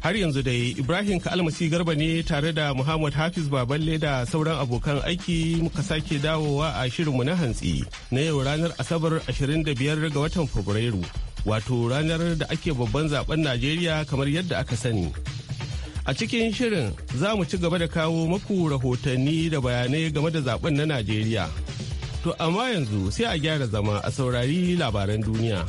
har yanzu dai ibrahim kalmasi garba ne tare da muhammad hafiz baballe da sauran abokan aiki muka sake dawowa a shirin mu na hantsi na yau ranar asabar 25 ga watan fabrairu wato ranar da ake babban zaben najeriya kamar yadda aka sani a cikin shirin za mu ci gaba da kawo maku rahotanni da bayanai game da zaben na najeriya to amma yanzu sai a gyara zama a saurari labaran duniya.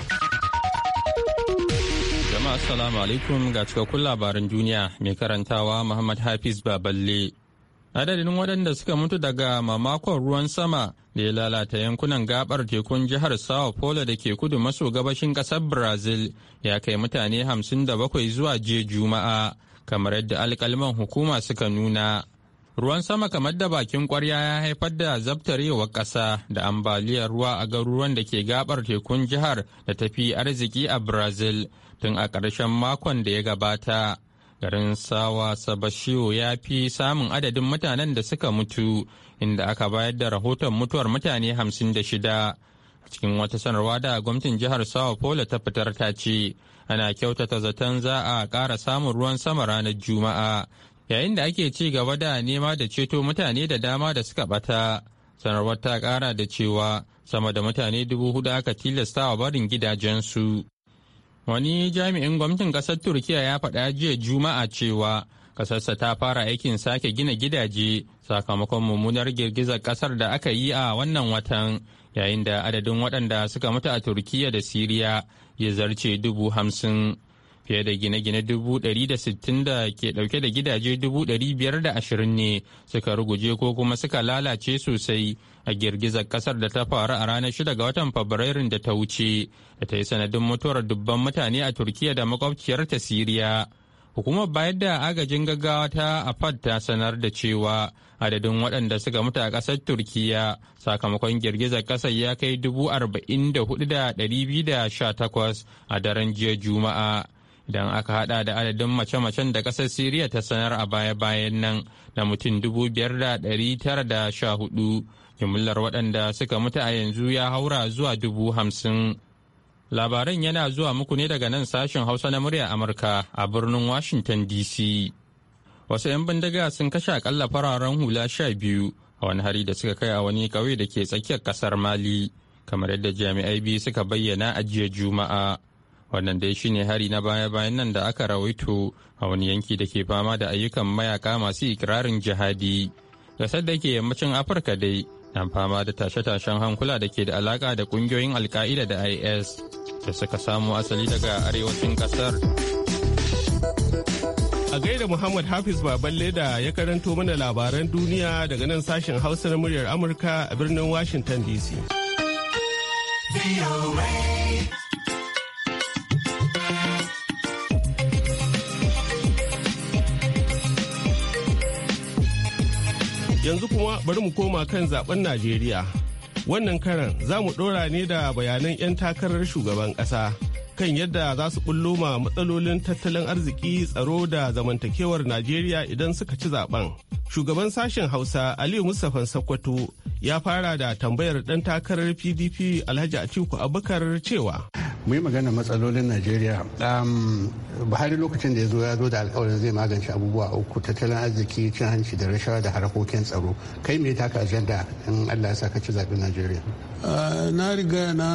Jama'a assalamu alaikum ga cikakkun labaran duniya mai karantawa Muhammad Hafiz Baballe. Adadin waɗanda suka mutu daga mamakon ruwan sama da ya lalata yankunan gabar tekun jihar Sao Paulo da ke kudu maso gabashin ƙasar Brazil ya kai mutane hamsin da bakwai zuwa jiya Juma'a kamar yadda alkalman hukuma suka nuna. Ruwan sama kamar da bakin kwarya ya haifar da zabtarewar ƙasa da ambaliyar ruwa a garuruwan da ke gabar tekun jihar da tafi arziki a Brazil tun a ƙarshen makon da ya gabata. Garin Sawa Sabashiyo ya fi samun adadin mutanen da suka mutu, inda aka bayar da rahoton mutuwar mutane hamsin da shida. cikin wata sanarwa da gwamnatin jihar sao paulo ta fitar ta ce ana kyautata zaton za a ƙara samun ruwan sama ranar juma'a yayin da ake ci gaba da nema da ceto mutane da dama da suka bata sanarwar ta kara da cewa sama da mutane dubu hudu aka tilasta wa barin gidajensu wani jami'in gwamnatin kasar turkiya ya faɗa jiya juma'a cewa kasarsa ta fara aikin sake gina gidaje sakamakon mummunar girgizar kasar da aka yi a wannan watan yayin da adadin waɗanda suka mutu a turkiya da siriya ya zarce dubu hamsin fiye da gine-gine dubu ɗari da sittin da ke ɗauke da gidaje dubu ɗari biyar da ashirin ne suka ruguje ko kuma suka lalace sosai a girgizar kasar da ta faru a ranar shida ga watan fabrairun da ta wuce da ta yi sanadin mutuwar dubban mutane a turkiya da makwabciyarta siriya hukumar bayar da agajin gaggawa ta afad ta sanar da cewa adadin waɗanda suka mutu a ƙasar turkiya sakamakon girgizar ƙasar ya kai dubu arba'in da 44,218 a daren jiya juma'a idan aka hada da adadin mace-macen da kasar siriya ta sanar a baya-bayan nan na mutum dubu biyar da da tara sha 5,914 jimillar waɗanda suka mutu a yanzu ya haura zuwa dubu hamsin labaran yana zuwa muku ne daga nan sashen hausa na murya amurka a birnin washington dc wasu 'yan bindiga sun kashe akalla fararen hula sha biyu a wani hari da suka kai a wani ƙauye da ke tsakiyar ƙasar mali kamar yadda jami'ai biyu suka bayyana a jiya juma'a wannan dai shine hari na baya-bayan nan da aka rawaito a wani yanki da ke fama da ayyukan mayaka masu ikirarin jihadi gasar da ke yammacin afirka dai na fama da tashe-tashen hankula da ke da alaka da ƙungiyoyin alka'ida da is da suka samu asali daga arewacin kasar a gaida muhammad hafiz baballe da ya karanto mana labaran duniya daga nan sashen hausa na muryar amurka a birnin washington dc yanzu kuma bari mu koma kan zaben najeriya wannan karan za mu ɗora ne da bayanan 'yan takarar shugaban ƙasa kan yadda za su bullo ma matsalolin tattalin arziki tsaro da zamantakewar najeriya idan suka ci zaben shugaban sashen hausa aliyu mustapha Sakwato ya fara da tambayar ɗan takarar pdp alhaji atiku abubakar cewa Muyi yi magana matsalolin najeriya buhari lokacin da ya zo ya zo da alkawarin zai magance abubuwa uku tattalin arziki cin hanci da rashawa da harkokin tsaro kai me taka ajanda in allah ya sa ka ci zaɓen najeriya Eh, na riga na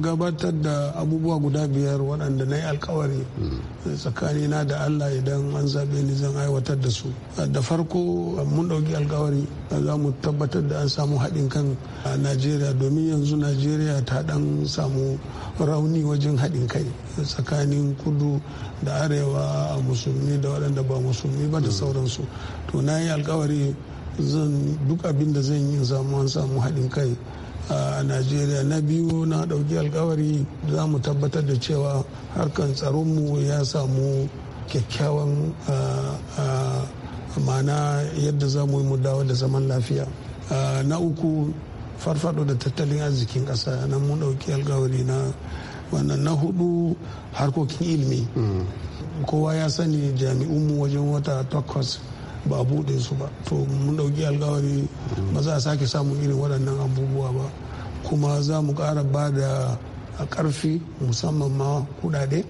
gabatar da abubuwa guda biyar waɗanda na yi alkawari tsakanina da allah idan an zaɓe ni zan aiwatar da su eh, da farko eh, mun ɗauki alkawari za mu tabbatar da an samu haɗin kan najeriya domin yanzu najeriya ta ɗan samu rauni wajen haɗin kai tsakanin kudu da arewa musulmi da waɗanda ba musulmi ba da sauransu to na yi alkawari zan duk abin da zan yi samu an samu haɗin kai a najeriya na biyu na ɗauki alkawari za mu tabbatar da cewa harkan tsaronmu ya samu kyakkyawan ma'ana yadda za mu yi mu dawo da zaman lafiya na uku farfado da tattalin arzikin ƙasa nan mun ɗauki alkawari na wannan na hudu harkokin ilimi hmm. kowa ya sani jami'unmu wajen wata takwas ba a buɗe su ba to mun ɗauki alkawari ba za a sake samun irin waɗannan abubuwa ba kuma za mu ƙara ba da ƙarfi musamman ma kuɗaɗe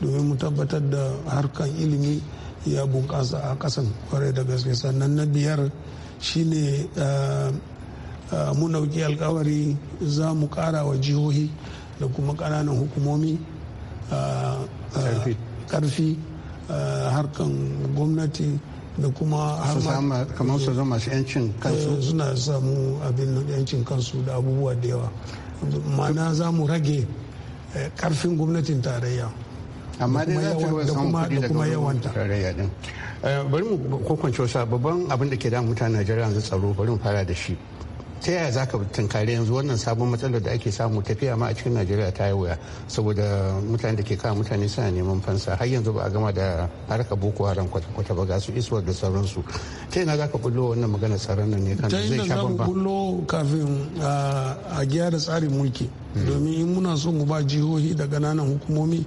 domin mu tabbatar da harkan ilimi ya bunƙasa a ƙasan kwarai da gaske sannan na biyar shine eh, eh, mun ɗauki alkawari za mu ƙara wa jihohi da kuma ƙananan hukumomi eh, ƙarfi harkan gwamnati da kuma kamar su zama masu yancin kansu eh, suna samu abin yancin kansu da abubuwa da yawa mana za mu rage eh, karfin gwamnatin tarayya amma dai za ta yawanta tarayya din eh, bari mu kokwance wasu babban abin da ke da mutane najeriya yanzu tsaro bari mu fara da shi ta yaya zaka ka tunkari yanzu wannan sabon matsalar da ake samu tafiya ma a cikin najeriya ta yi wuya saboda mutane da ke kawo mutane suna neman fansa har yanzu ba a gama da harkar boko haram kwata-kwata ba ga su iswar da sauransu ta yana za ka bullo wannan maganar tsaron nan ne kan zai sha bambam bullo kafin a gyara tsarin mulki domin in muna so mu ba jihohi da ƙananan hukumomi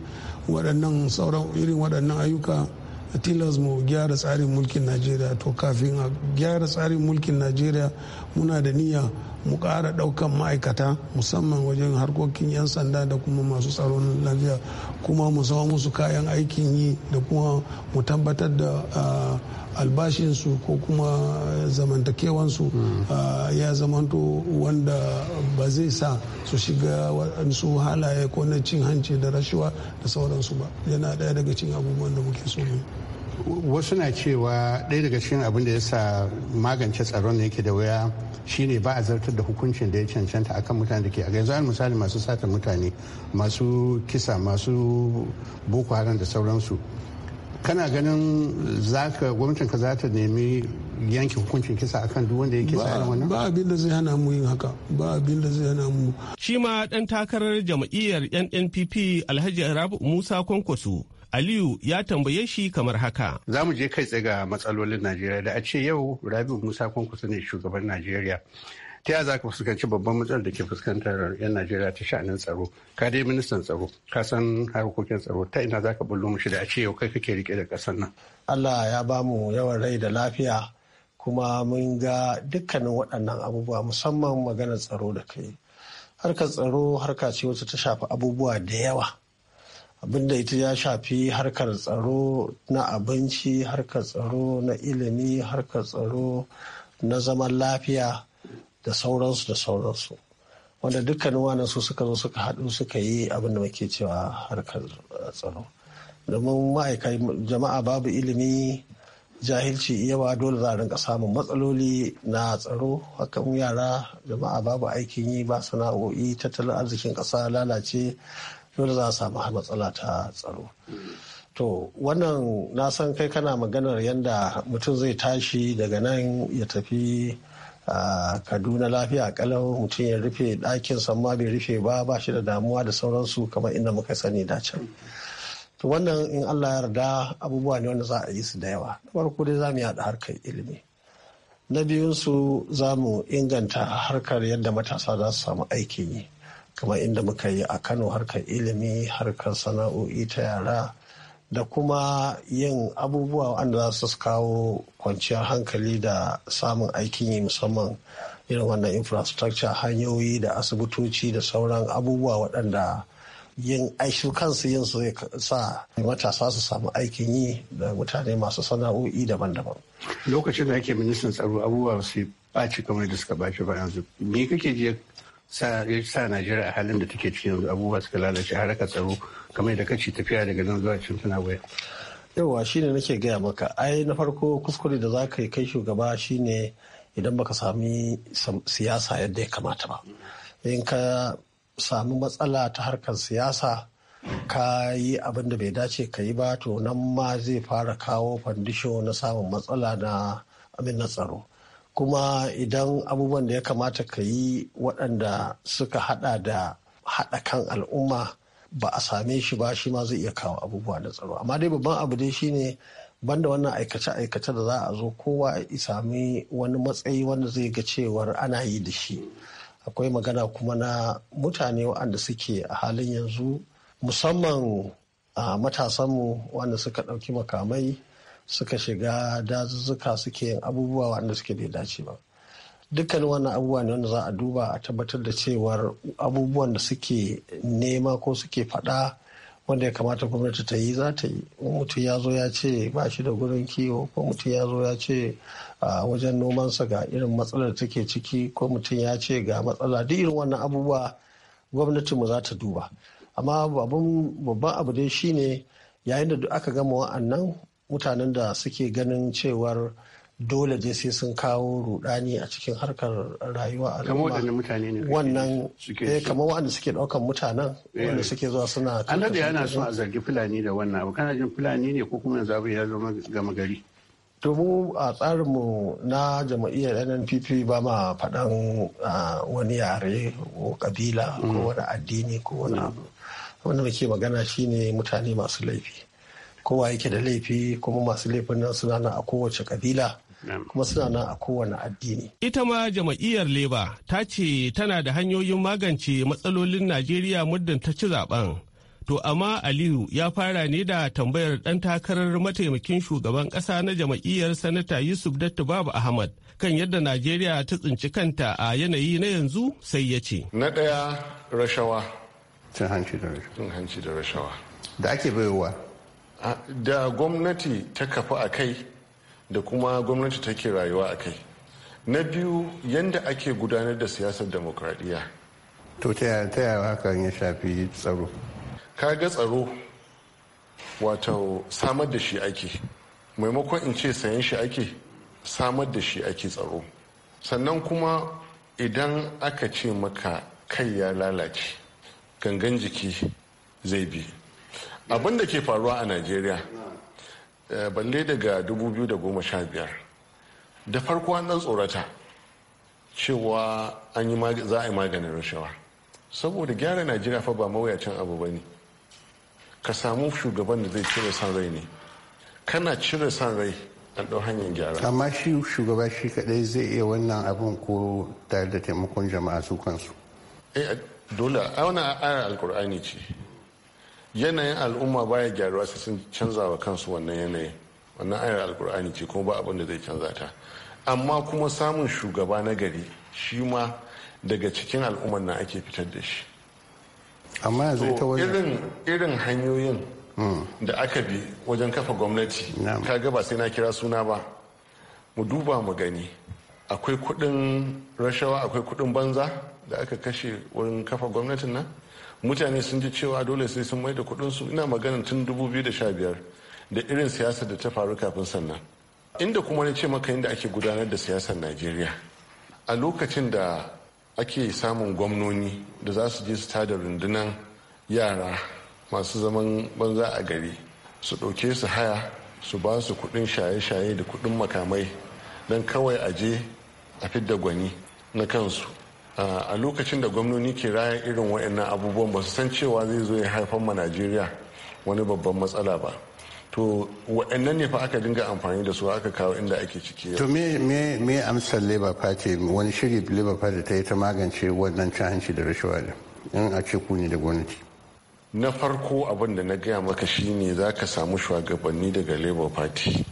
waɗannan sauran irin waɗannan ayyuka tilas mu gyara tsarin mulkin najeriya to kafin a gyara tsarin mulkin najeriya muna da niyya mu ƙara ɗaukan ma'aikata musamman wajen harkokin 'yan sanda da kuma masu tsaron lafiya kuma mu sama musu kayan aikin yi da kuma mu tabbatar da albashinsu ko kuma zamantakewansu hmm. ya zamanto wanda ba zai sa su shiga waɗansu halaye ko na cin hanci da rashuwa da sauransu ba yana ɗaya daga cin abubuwan da muke so mu wasu na cewa ɗaya daga cikin abin da ya sa magance tsaron da yake da wuya shine ba a zartar da hukuncin da ya cancanta akan mutane da ke a yanzu misali masu sata mutane masu kisa masu boko haram da sauransu kana ganin zaka gwamnatin ka za ta nemi yanke hukuncin kisa akan duk wanda yake sa wannan ba abin da zai hana mu yin haka ba abin da zai hana mu shi ma dan takarar jam'iyyar NNPP Alhaji Rabu Musa Kwankwaso Aliyu ya tambaye shi kamar haka. Za mu je kai tsaye ga matsalolin Najeriya da a ce yau Rabiu Musa Kwankwaso ne shugaban Najeriya. Ta yaya za ka fuskanci babban matsalar da ke fuskantar 'yan Najeriya ta sha'anin tsaro? Ka dai ministan tsaro, ka san harkokin tsaro, ta ina za ka bullo shi da a ce yau kai kake rike da ƙasar nan. Allah ya ba mu yawan rai da lafiya kuma mun ga dukkanin waɗannan abubuwa musamman maganar tsaro da kai. Harkar tsaro harka ce wacce ta shafi abubuwa da yawa. abin da ita ya shafi harkar tsaro na abinci harkar tsaro na ilimi harkar tsaro na zaman lafiya da sauransu da sauransu wanda dukkanin wannan su suka zo suka haɗu suka yi abin da muke cewa harkar eh, tsaro domin ma'aikai jama'a babu ilimi jahilci yawa dole za a rinka samun matsaloli na tsaro hakan yara jama'a babu aikin yi ba sana'o'i tattalin arzikin ƙasa lalace dole za a samu matsala ta tsaro to wannan na san kai kana maganar yadda mutum zai tashi daga nan ya tafi kaduna lafiya kalau mutum ya rufe ɗakin samma bai rufe ba ba shi da damuwa da sauransu kamar inda muka sani da can to wannan in allah ya yarda abubuwa ne wanda za a yi su da yawa na farko dai za mu yaɗa harkar ilimi na biyunsu za mu inganta harkar yadda matasa za su samu aikin yi kamar inda muka yi a kano harkar ilimi harkar sana'o'i ta yara da kuma yin abubuwa wanda za su kawo kwanciyar hankali da samun aikin yi musamman irin wannan infrastructure hanyoyi da asibitoci da sauran abubuwa waɗanda yin aishu kansu yin su sa matasa su samu aikin yi da mutane masu sana'o'i daban-daban. lokacin da ake ministan tsaro abubuwa su ɓaci kamar da suka ɓaci ba yanzu me kake je sa Najeriya a halin da take ciki yanzu abubuwa suka lalace harkar tsaro kamar da kace tafiya daga nan zuwa can tana waya. Yawwa shine nake gaya maka ai na farko kuskure da za ka yi kai shugaba shine idan baka sami siyasa yadda ya kamata ba. In ka sami matsala ta harkar siyasa ka yi abin da bai dace ka yi ba to nan ma zai fara kawo fandisho na samun matsala na abin na tsaro. kuma idan abubuwan da ya kamata ka yi waɗanda suka hada da haɗa kan al'umma ba a same shi ba shi ma zai iya kawo abubuwa da tsaro amma dai babban abu dai shine banda wannan aikace-aikace da za a zo kowa ya sami wani matsayi wanda zai ga cewar ana yi da shi akwai magana kuma na mutane waɗanda suke a halin yanzu musamman a ah, matasanmu wanda suka ɗauki makamai suka shiga dazuzzuka suke yin abubuwa wanda suke da dace ba dukkan wannan abubuwa ne wanda za a duba a tabbatar da cewar abubuwan da suke nema ko suke faɗa wanda ya kamata gwamnati ta yi za ta yi mutum ya zo ya ce ba shi da gurin kiwo ko mutum ya zo ya ce a wajen nomansa ga irin matsalar da take ciki ko mutum ya ce ga matsala duk irin wannan abubuwa gwamnatinmu za ta duba amma babban abu dai shine yayin da duk aka gama wa'annan mutanen da suke ganin cewar dole dai sai sun kawo rudani a cikin harkar rayuwa a wannan eh, kamar waɗanda suke ɗaukan mutanen wanda eh. suke zuwa suna an da yana son a zargi fulani da wannan abu kana jin fulani ne ko kuma zabi ya zama gama gari to mu a tsarinmu na jama'iyyar nnpp ba ma faɗan wani yare ko kabila ko mm. wani addini ko wani mm. abu wanda muke magana shine mutane masu laifi kowa yake da laifi kuma masu laifin nan suna nan a kowace kabila kuma suna nan a kowane addini. Ita ma jama'iyyar Leba ta ce tana da hanyoyin magance matsalolin Najeriya muddin ta ci zaben. To amma Aliyu ya fara ne da tambayar ɗan takarar mataimakin shugaban ƙasa na jama'iyyar Sanata Yusuf Babu Ahmad kan yadda Najeriya ta tsinci kanta a yanayi na yanzu sai ya ce. Na ɗaya rashawa. da rashawa. Cin hanci da rashawa. Da ake baiwa da gwamnati ta kafa a kai da kuma gwamnati take rayuwa a kai na biyu yadda ake gudanar da siyasar demokradiyya to ta yaya hakan ya shafi tsaro kaga tsaro wato samar da shi ake maimakon in ce sayan shi ake samar da shi ake tsaro sannan kuma idan aka ce maka kai ya lalace gangan jiki zai bi abin da ke faruwa a najeriya eh, balle daga 2015 da farko an dan tsorata cewa za a yi maganin rashawa saboda gyara najeriya fa ba mawuyacin abu ba ne ka samu shugaban da zai cire san rai ne kana cire san rai an ɗau hanyar gyara amma shi shugaba shi kadai zai iya wannan abin ko tare da taimakon jama'a su kansu eh, dole a wani ayar alkur'ani ce yanayin al'umma baya gyaruwa sai sun canza wa kansu wannan yanayin wannan ayar alkur'ani ce kuma ba abin da zai canza ta amma kuma samun shugaba na gari shi ma daga cikin al'ummar na ake fitar da shi amma yanzu ta wajen irin hanyoyin hmm. da aka bi wajen kafa gwamnati kaga ba sai na kira suna ba mu duba mu gani akwai kudin rashawa akwai kudin banza da aka kashe wurin kafa gwamnatin nan mutane sun ji cewa dole sai sun mai da ina magana tun 2015 da irin siyasar da ta faru kafin sannan inda kuma na ce maka inda ake gudanar da siyasar najeriya a lokacin da ake samun gwamnoni da za su je su tada rundunan yara masu zaman banza a gari su ɗauke su haya su ba su kuɗin shaye-shaye da kuɗin makamai don kawai aje a fidda gwani na kansu a lokacin da gwamnoni ke raya irin waɗannan abubuwan ba su san cewa zai zo ya haifar ma najeriya wani babban matsala ba to waɗannan ne fa aka dinga amfani da su aka kawo inda ake ciki to me me amsar labour party wani shiri labour party ta yi ta magance wannan cin da rashawa in a ce ku ne da gwamnati na farko abin da na gaya maka shine za ka samu shugabanni daga labour party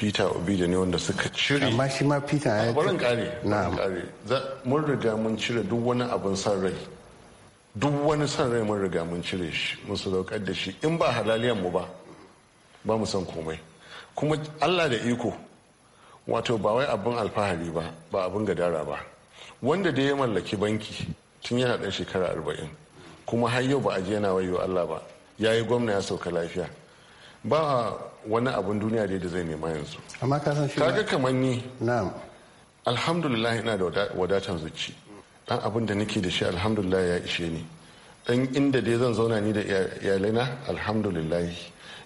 peter obi da ne wanda suka cire amma shi ma peter ya kare mun riga mun cire duk wani abin san rai duk wani san rai mun riga mun cire shi mun sadaukar da shi in ba halaliyan mu ba ba mu san komai kuma allah da iko wato ba wai abin alfahari ba ba abin gadara ba wanda da ya mallaki banki tun yana ɗan shekara arba'in kuma har yau ba a je yana wayo allah ba ya yi gwamna ya sauka lafiya ba wani abun duniya dai da zai nema yanzu amma ka san shi kaga kamar ni na'am alhamdulillah ina da wadatan zuci dan abin da nake da shi alhamdulillah ya ishe ni dan inda dai zan zauna ni da iyalaina alhamdulillah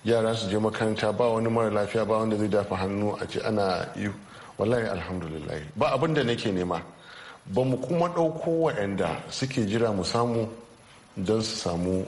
yara su je makaranta ba wani mara lafiya ba wanda zai dafa hannu a ce ana yi wallahi alhamdulillah ba abin da nake nema ba mu kuma ɗauko waɗanda suke jira mu samu don su samu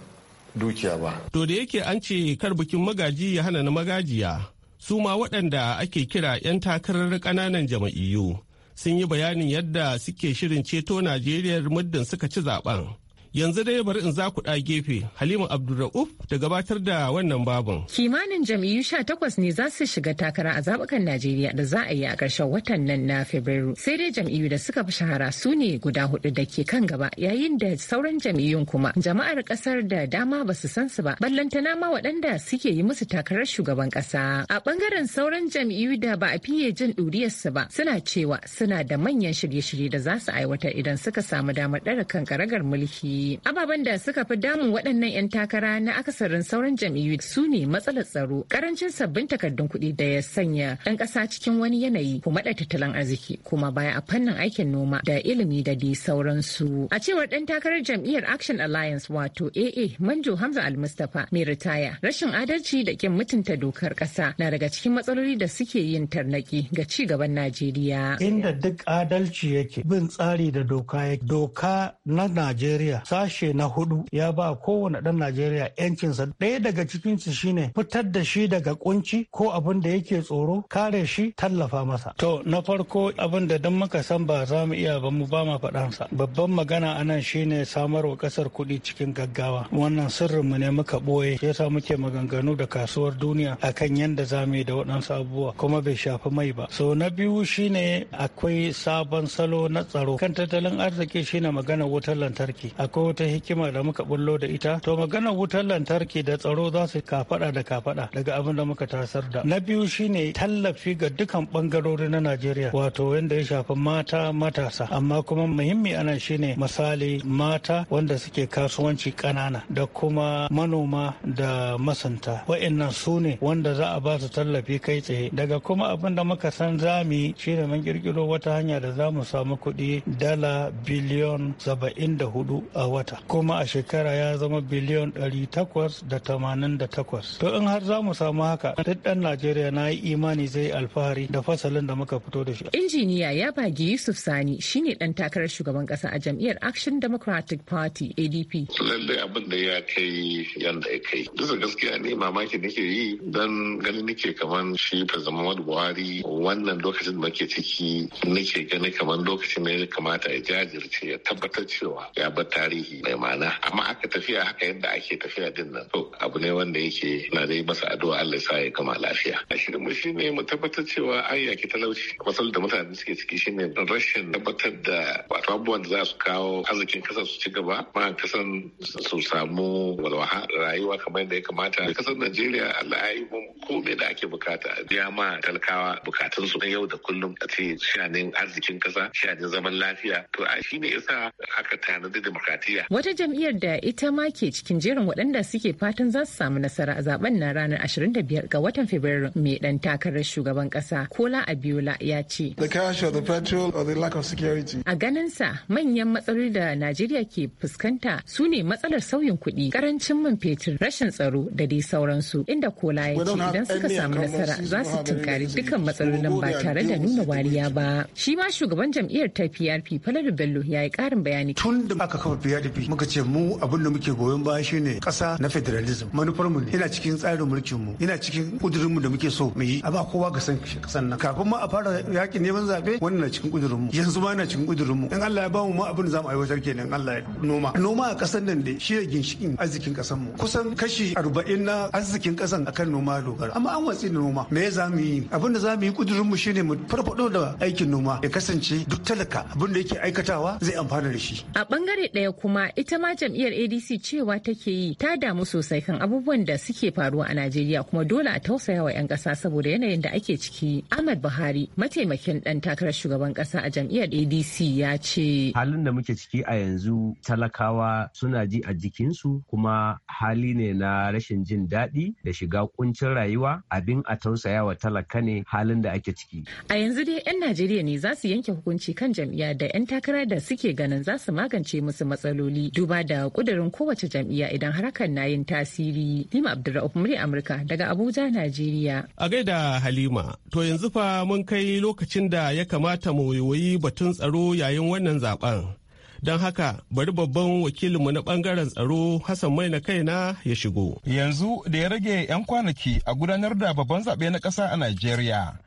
dukiya ba. To da yake an ce kar bikin magaji ya hana na magajiya su ma waɗanda ake kira 'yan takarar ƙananan jama'iyyu sun yi bayanin yadda suke shirin ceto Najeriya muddin suka ci zaben. Yanzu dai bari in za ku ɗa gefe Halima Abdulra'uf da gabatar da wannan babin. Kimanin jam'iyyu sha takwas ne za su shiga takara a zabukan Najeriya da za a yi a ƙarshen watan nan na Fabrairu. Sai dai jam'iyyu da suka fi shahara su ne guda hudu da ke kan gaba yayin da sauran jam'iyyun kuma jama'ar ƙasar da dama ba su san su ba ballantana ma waɗanda suke yi musu takarar shugaban ƙasa. A bangaren sauran jam'iyyu da ba a fiye jin su ba suna cewa suna da manyan shirye-shirye da za su aiwatar idan suka samu damar ɗara kan karagar mulki. yi. Ababen da suka fi damun waɗannan 'yan takara na akasarin sauran jam'iyyu su ne matsalar tsaro, karancin sabbin takardun kuɗi da ya sanya ɗan ƙasa cikin wani yanayi kuma da tattalin arziki kuma baya a fannin aikin noma da ilimi da dai sauransu. A cewar ɗan takarar jam'iyyar Action Alliance wato AA Manjo Hamza Al-Mustapha mai ritaya, rashin adalci da kin mutunta dokar ƙasa na daga cikin matsaloli da suke yin tarnaki ga ci gaban Najeriya. Inda duk adalci yake bin tsari da doka doka na Najeriya sashe na hudu ya ba kowane ɗan Najeriya yancinsa ɗaya daga cikinsu shine fitar da shi daga kunci ko abin da yake tsoro kare shi tallafa masa. To na farko abin da don muka san ba za mu iya ba mu ba ma faɗansa. Babban magana anan shine samarwa kasar kuɗi cikin gaggawa. Wannan sirrinmu ne muka ɓoye yasa muke maganganu da kasuwar duniya akan yadda za mu yi da waɗansu abubuwa kuma bai shafi mai ba. So na biyu shine akwai sabon salo na tsaro kan tattalin arziki shine magana wutar lantarki. Akwai wata hikima da muka bullo da ita to maganar wutar lantarki da tsaro za su kafada da kafada daga abin da muka tasar da na biyu shine tallafi ga dukan bangarori na najeriya wato wanda ya shafi mata matasa amma kuma muhimmi ana shine misali mata wanda suke kasuwanci kanana da kuma manoma da masanta wa'annan su ne wanda za a ba su tallafi kai tsaye daga kuma abin da muka san zami shine mun kirkiro wata hanya da za mu samu kuɗi dala biliyon saba'in da hudu a wata kuma a shekara ya zama biliyon 888 to in har za mu samu haka duk dan najeriya na yi imani zai alfahari da fasalin da muka fito da shi injiniya ya bagi yusuf sani shine dan takarar shugaban kasa a jam'iyyar action democratic party adp lallai abin da ya kai yanda ya kai da gaskiya ne mamaki nake yi dan ganin nake kaman shi wani buhari wannan lokacin da ciki nake gani kaman lokacin da ya kamata ya jajirce ya tabbatar cewa ya bar tarihi tarihi mai ma'ana amma aka tafiya haka yadda ake tafiya din nan to abu ne wanda yake na dai masa addu'a Allah sa ya kama lafiya a shirin mu shine mu tabbatar cewa an yaki talauci matsalar da mutane suke ciki shine rashin tabbatar da wato abubuwan da za su kawo arzikin kasa su ci gaba ma kasan su samu walwaha rayuwa kamar yadda ya kamata kasar Najeriya Allah ya yi mun komai da ake bukata ya ma talakawa bukatun su na yau da kullum a ce shanin arzikin kasa shanin zaman lafiya to a shine yasa aka tanadi demokrati lafiya. Wata jam'iyyar da ita ma ke cikin jerin waɗanda suke fatan za su samu nasara a zaben na ranar 25 ga watan Fabrairu mai ɗan takarar shugaban ƙasa Kola Abiola ya ce. The cash or the petrol or the lack of security. A ganinsa manyan matsaloli da Najeriya ke fuskanta su ne matsalar sauyin kuɗi, karancin man fetur, rashin tsaro da dai sauransu. Inda Kola ya ce idan suka samu nasara za su tunkari dukkan matsalolin ba tare da nuna wariya ba. Shi ma shugaban jam'iyyar ta PRP Falalu Bello ya yi ƙarin bayani. Tun da aka kafa PRDP muka ce mu abin da muke goyon baya shine kasa na federalism manufar mu yana cikin tsarin mulkin mu yana cikin kudurin mu da muke so mu yi a ba kowa ga san kasan nan kafin ma a fara yakin neman zabe wannan na cikin kudurin mu yanzu ma yana cikin kudurin mu in Allah ya bamu ma abin zamu aiwatar kenan Allah ya noma noma a kasan nan da shi ne ginshikin arzikin kasan mu kusan kashi 40 na arzikin kasan akan noma dogara amma an watsi da noma me za mu yi abin da za mu yi kudurin mu shine mu farfado da aikin noma ya kasance duk talaka abin da yake aikatawa zai amfana da shi a bangare daya kuma ita ma jam'iyyar adc cewa take yi ta damu sosai kan abubuwan da suke faruwa a najeriya kuma dole a tausaya wa 'yan kasa saboda yanayin da ake ciki ahmad buhari mataimakin ɗan takarar shugaban kasa a jam'iyyar adc ya ce halin da muke ciki a yanzu talakawa suna ji a jikinsu kuma hali ne na rashin jin daɗi da shiga kuncin rayuwa abin a tausaya wa talaka ne halin da ake ciki a yanzu dai 'yan najeriya ne za su yanke hukunci kan jam'iyya da 'yan takara da suke ganin za su magance musu matsaloli matsaloli duba da kudirin kowace jam'iyya idan harakan na yin tasiri. Lima abdulrauf murya Amurka daga Abuja, Najeriya. A gaida Halima, to yanzu fa mun kai lokacin da ya kamata mu yoyi batun tsaro yayin wannan zaben. don haka bari babban wakilinmu na bangaren tsaro hassan mai na kaina ya shigo yanzu da ya rage 'yan kwanaki a gudanar da babban zaɓe na ƙasa a najeriya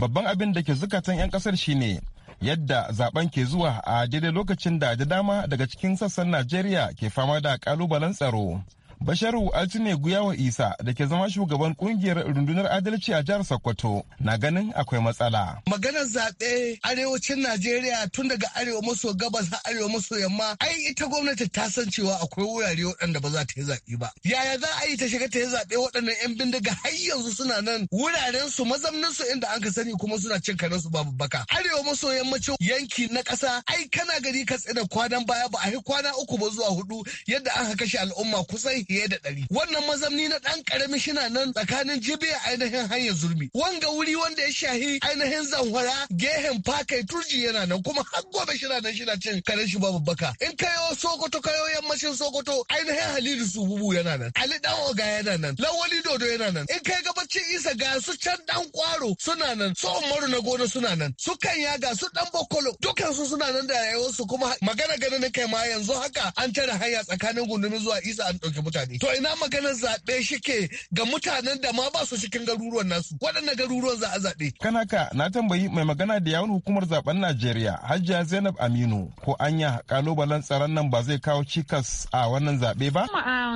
babban abin da ke zukatan 'yan ƙasar shine yadda zaben ke zuwa a daidai lokacin da da dama daga cikin sassan najeriya ke fama da kalubalen tsaro Basharu Altine Guyawa Isa da ke zama shugaban kungiyar rundunar adalci a jihar Sokoto na ganin akwai matsala. Maganar zaɓe arewacin Najeriya tun daga arewa maso gabas har arewa maso yamma ai ita gwamnati ta san cewa akwai wurare waɗanda ba za ta yi zaɓe ba. Yaya za a yi ta shiga ta yi zaɓe waɗannan 'yan bindiga har yanzu suna nan wuraren su mazamnin su inda an ka sani kuma suna cin karen su babu baka. Arewa maso yammacin yanki na ƙasa ai kana gari ka tsina kwanan baya ba a yi kwana uku ba zuwa hudu yadda an kashe al'umma kusai fiye da ɗari wannan mazamni na ɗan ƙarami shina nan tsakanin jibiya ainihin hanyar zurmi wanga wuri wanda ya shahi ainihin zanwara gehen fakai turji yana nan kuma har gobe shina nan shina cin karen shi babu baka in kayo sokoto kayo yammacin sokoto ainihin halilu sububu yana nan ali dan oga yana nan lawali dodo yana nan in kai gabacin isa ga su can ɗan kwaro suna nan su umaru na gona suna nan su kan ya ga su ɗan bokolo dukan su suna nan da rayuwarsu kuma magana ganin kai ma yanzu haka an tare hanya tsakanin gundumi zuwa isa an ɗauki mutane mutane. To ina maganar zaɓe shi ke ga mutanen da ma ba su cikin garuruwan nasu. Waɗannan garuruwan za a zaɓe. Kanaka na tambayi mai magana da yawun hukumar zaben Najeriya Hajiya Zainab Aminu ko anya kalubalen tsaron nan ba zai kawo cikas a wannan zaɓe ba?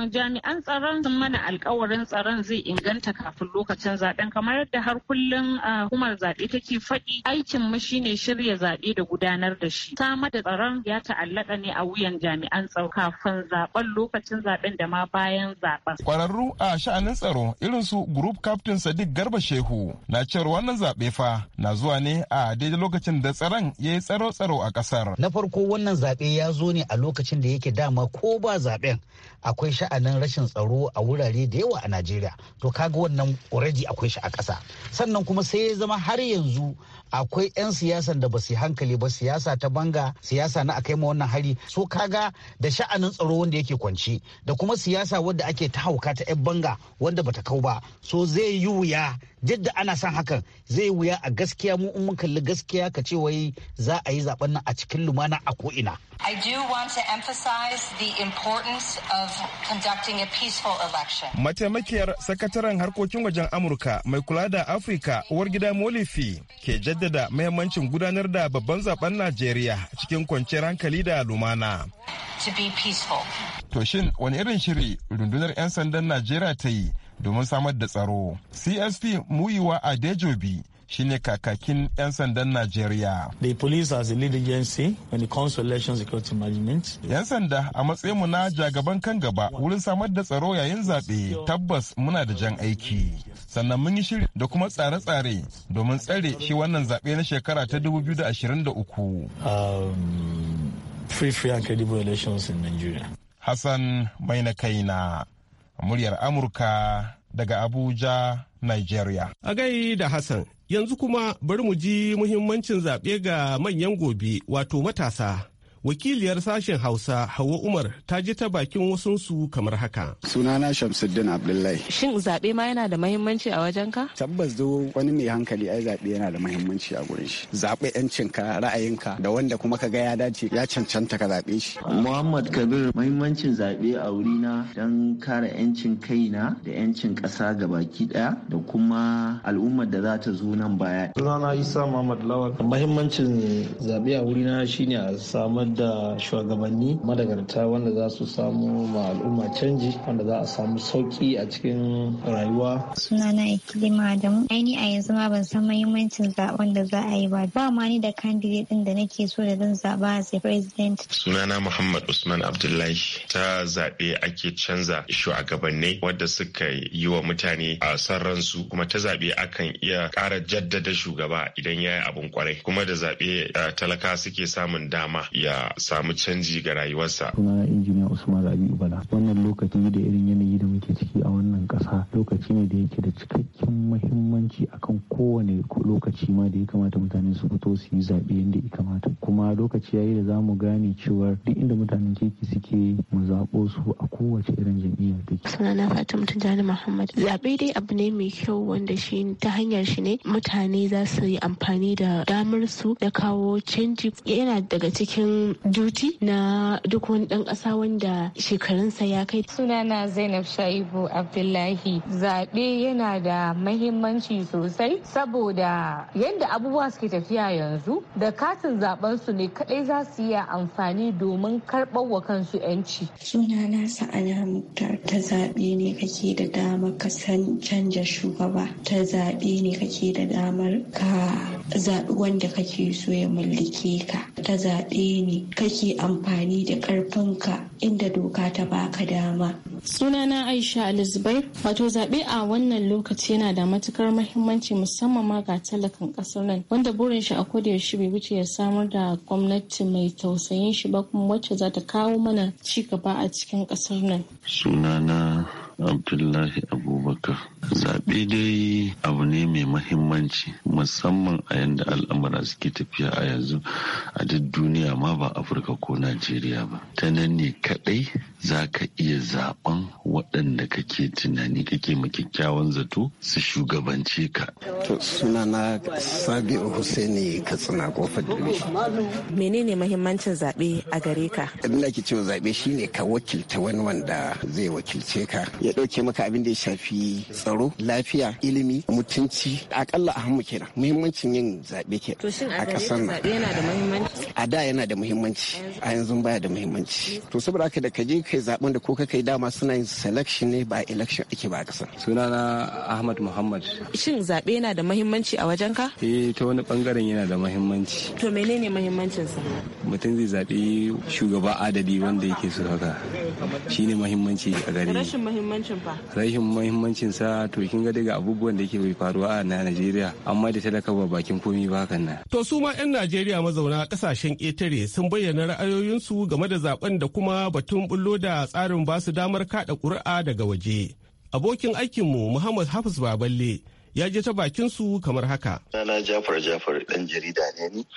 Jami'an tsaron sun mana alkawarin tsaron zai inganta kafin lokacin zaɓen kamar yadda har kullum hukumar zaɓe take faɗi aikin mu shine shirya zaɓe da gudanar da shi. Samar da tsaron ya ta'allaka ne a wuyan jami'an tsaro kafin zaɓen lokacin zaɓen da ma bayan zaben. Kwararru a sha'anin tsaro irin su Group Captain Sadiq Garba Shehu na cewar wannan zaɓe fa na zuwa ne a daidai lokacin da tsaron ya yi tsaro-tsaro a ƙasar. Na farko wannan zaɓe ya zo ne a lokacin da yake dama ko ba zaɓen akwai sha'anin rashin tsaro a wurare da yawa a Najeriya. To kaga wannan already akwai shi a ƙasa. Sannan kuma sai ya zama har yanzu akwai 'yan siyasan da ba su hankali ba siyasa ta banga siyasa na akai ma wannan hari so kaga da sha'anin tsaro wanda yake kwanci da kuma siyasa wadda ake ta hauka ta 'yan banga wanda bata kau ba so zai yi wuya duk ana son hakan zai wuya a gaskiya mu mun kalli gaskiya ka ce wai za a yi zaben nan a cikin lumana a ko ina I do want to emphasize the importance of conducting a peaceful election. Mataimakiyar sakataren harkokin wajen Amurka mai kula da Afirka uwar gida Molifi ke jaddada jaddada mahimmancin gudanar da babban zaben Najeriya cikin kwanciyar hankali da lumana. To shin wani irin shiri rundunar 'yan sandan Najeriya ta yi domin samar da tsaro? CSP Muyiwa dejobi shine kakakin 'yan sandan Najeriya. The police as a lead agency when it comes to election security management. 'Yan sanda a matsayin mu na jagaban kan gaba wurin samar da tsaro yayin zaɓe tabbas muna da jan aiki. Sannan mun yi shiri da kuma tsare-tsare domin tsare shi wannan zaɓe na shekara ta 2023. Um, free, free and credible elections in Nigeria. Hassan mai na na muryar Amurka daga Abuja, Nigeria. A gai da Hassan Yanzu kuma bari mu ji muhimmancin zaɓe ga manyan gobe wato matasa. wakiliyar sashen hausa hawa umar ta ji ta bakin wasunsu kamar haka sunana shamsuddin abdullahi shin zaɓe ma yana da mahimmanci a wajen ka tabbas da wani mai hankali ai zaɓe yana da mahimmanci a gurin shi zaɓe yancinka ra'ayinka da wanda kuma ka ga ya dace ya cancanta ka zaɓe shi muhammad kabir mahimmancin zaɓe a wurina don kare yancin na da yancin ƙasa ga baki ɗaya da kuma al'ummar da za ta zo nan baya sunana isa muhammad lawal mahimmancin zaɓe a wurina shine a samar da shugabanni madagarta wanda za su samu ma al'umma canji wanda za a samu sauki a cikin rayuwa. Sunana Ikilima mu Aini a yanzu ma ban san muhimmancin zaben da za a yi ba. Ba ma ni da candidate din da nake so da zan zaba as a president. Sunana Muhammad Usman Abdullahi. Ta zaɓe ake canza shugabanni wanda suka yi wa mutane a san ransu kuma ta zaɓe akan iya ƙara jaddada shugaba idan ya yi abin kwarai kuma da zaɓe eh, talaka suke samun dama ya samu canji ga rayuwarsa. Sunana injiniya Usman Rabi'u Bala. Wannan lokaci da irin yanayi da muke ciki a wannan ƙasa lokaci ne da yake da cikakken muhimmanci aiki akan kowane lokaci ma da ya kamata mutane su fito su yi zaɓe yadda ya kamata kuma lokaci yayi da za mu gane cewa duk inda mutanen kirki suke mu zaɓo su a kowace irin jam'iyya take. sunana fatima tijjani muhammad zaɓe dai abu ne mai kyau wanda shi ta hanyar shi ne mutane za su yi amfani da damar su da kawo canji yana daga cikin duti na duk wani ɗan ƙasa wanda shekarunsa ya kai. sunana zainab shaibu abdullahi zaɓe yana da mahimmanci sosai saboda yadda abubuwa suke tafiya yanzu da katin zaben su ne kadai za su yi amfani domin karɓar wa kansu yanci. Sunana sa'ana muktar ta zaɓe ne kake da dama ka san canja shugaba ta zaɓe ne kake da damar ka zaɓi wanda kake so ya mallake ka ta zaɓe ne kake amfani da ka inda doka ta baka dama. Sunana Aisha alizbai wato zaɓe a wannan lokaci yana da matukar mahimmanci muhimmanci musamman ma ga talakan kasar nan wanda burin shi a koda yaushe bai wuce ya samar da gwamnati mai tausayin shi ba kuma wacce za ta kawo mana ci gaba a cikin kasar nan sunana abdullahi abubakar zaɓe dai abu ne mai mahimmanci musamman a yadda al'amura suke tafiya a yanzu a duk duniya ma ba afirka ko najeriya ba ta nan ne kaɗai za ka iya zaɓen waɗanda kake tunani kake ma kyakkyawan zato su shugabance ka to sunana sabi'u husaini katsina kofar dubi menene mahimmancin zaɓe a gare ka abin da cewa zaɓe shine ka wakilta wani wanda zai wakilce ka ya ɗauke maka abin da ya shafi tsaro lafiya ilimi mutunci akalla a hannu kenan muhimmancin yin zaɓe ke a ƙasar nan a da yana da muhimmanci a yanzu baya da muhimmanci to saboda haka da ka je kai zaɓen da ko ka kai dama suna yin selection ne ba election ake ba a ƙasar sunana Ahmad Muhammad shin zaɓe yana da muhimmanci a wajen ka eh ta wani bangaren yana da muhimmanci to menene muhimmancin sa mutum zai zaɓi shugaba adadi wanda yake so haka shine muhimmanci a gare rashin muhimmancin fa rashin muhimmancin sa to kin ga daga abubuwan da ke faruwa a na Najeriya amma da talaka ba bakin komi ba hakan nan. To su ma 'yan Najeriya mazauna kasashen ƙetare sun bayyana ra'ayoyinsu game da zaben da kuma batun bullo da tsarin ba su damar kada ƙuri'a daga waje. Abokin aikinmu Muhammad Hafiz Baballe ya je ta bakin su kamar haka. Sana Jafar Jafar dan jarida ne ni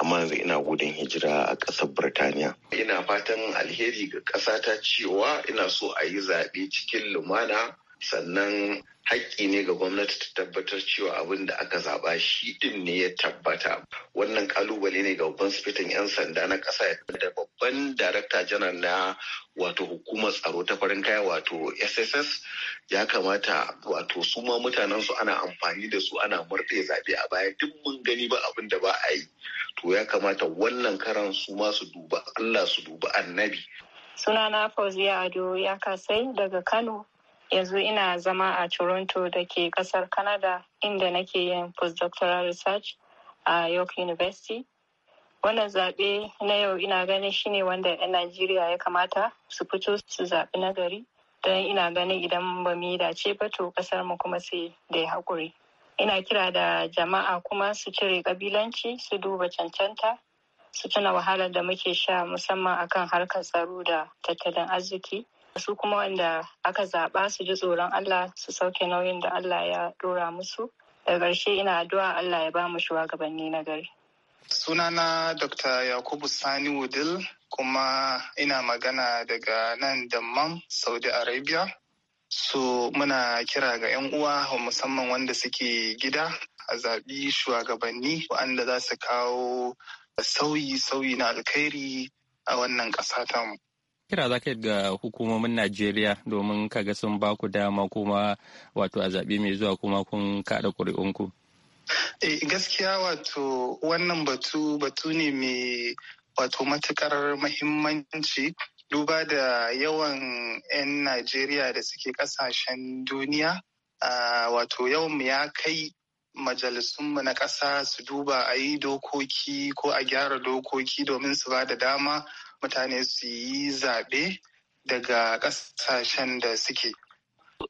amma yanzu ina gudun hijira a ƙasar Birtaniya. Ina fatan alheri ga ƙasata cewa ina so a yi zaɓe cikin lumana sannan haƙƙi ne ga gwamnati ta tabbatar cewa abin da aka zaɓa shi ɗin ne ya tabbata wannan ƙalubale ne ga babban sifitin 'yan sanda na ƙasa da babban darakta janar na wato hukumar tsaro ta farin kaya wato sss ya kamata wato su ma mutanen su ana amfani da su ana murɗe zaɓe a baya duk mun gani ba abin da ba a yi to ya kamata wannan karan su ma su duba allah su duba annabi sunana fauziya ado ya kasai daga kano yanzu ina zama a toronto da ke kasar canada inda nake yin postdoctoral research a york university wannan zaɓe na yau ina ganin shine wanda 'yan najeriya ya kamata su fito su zaɓi nagari don ina ganin idan ba mu yi dace ba to kasar mu kuma sai da ya haƙuri ina kira da jama'a kuma su cire ƙabilanci su duba cancanta su tuna wahalar da muke sha musamman akan harkar tsaro da tattalin arziki su kuma wanda aka zaɓa su ji tsoron Allah su sauke nauyin da Allah ya dora musu da ƙarshe ina addu'a Allah ya ba mu shugabanni na gari. Sunana Dr. Yakubu Sani Wudil kuma ina magana daga nan damman Saudi Arabia. So muna kira ga 'yan uwa musamman wanda suke gida a zaɓi shugabanni waɗanda za su kawo sauyi-sauyi na alkhairi a wannan ƙasa tamu. kira za ga hukumomin Najeriya domin kaga sun ba ku dama kuma wato a zaɓi mai zuwa kuma kun kaɗa ƙuri'unku? E, gaskiya wato wannan batu batu ne mai wato matukar mahimmanci duba da yawan 'yan Najeriya da suke ƙasashen duniya wato yawan ya kai majalisunmu na ƙasa su duba a yi dokoki ko a gyara dokoki domin su ba da dama mutane su yi zaɓe daga ƙasashen da suke.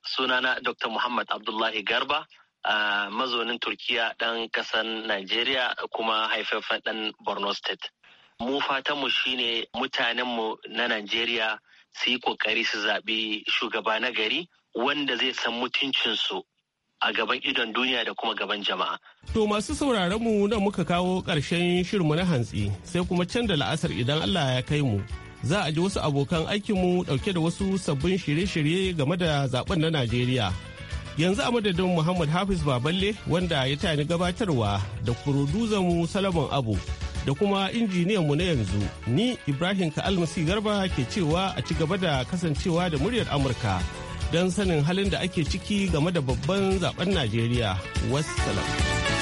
Sunana Dr. Muhammad Abdullahi Garba, uh, mazaunin Turkiya ɗan ƙasan Najeriya kuma haifafen ɗan Borno State. Mu fatanmu shine mutanenmu na Najeriya su yi ƙoƙari su zaɓi shugaba na gari wanda zai san mutuncinsu a gaban idon duniya da kuma gaban jama'a. To masu sauraron mu nan muka kawo ƙarshen shirmu na hantsi sai kuma can da la'asar idan Allah ya kai mu. Za a ji wasu abokan aikinmu ɗauke da wasu sabbin shirye-shirye game da zaben na Najeriya. Yanzu a madadin Muhammad Hafiz Baballe wanda ya ta ni gabatarwa da mu Salaman Abu da kuma injiniyanmu na yanzu ni Ibrahim Ka'almasi Garba ke cewa a ci gaba da kasancewa da muryar Amurka. don sanin halin da ake ciki game da babban zaben Najeriya. Wassalam.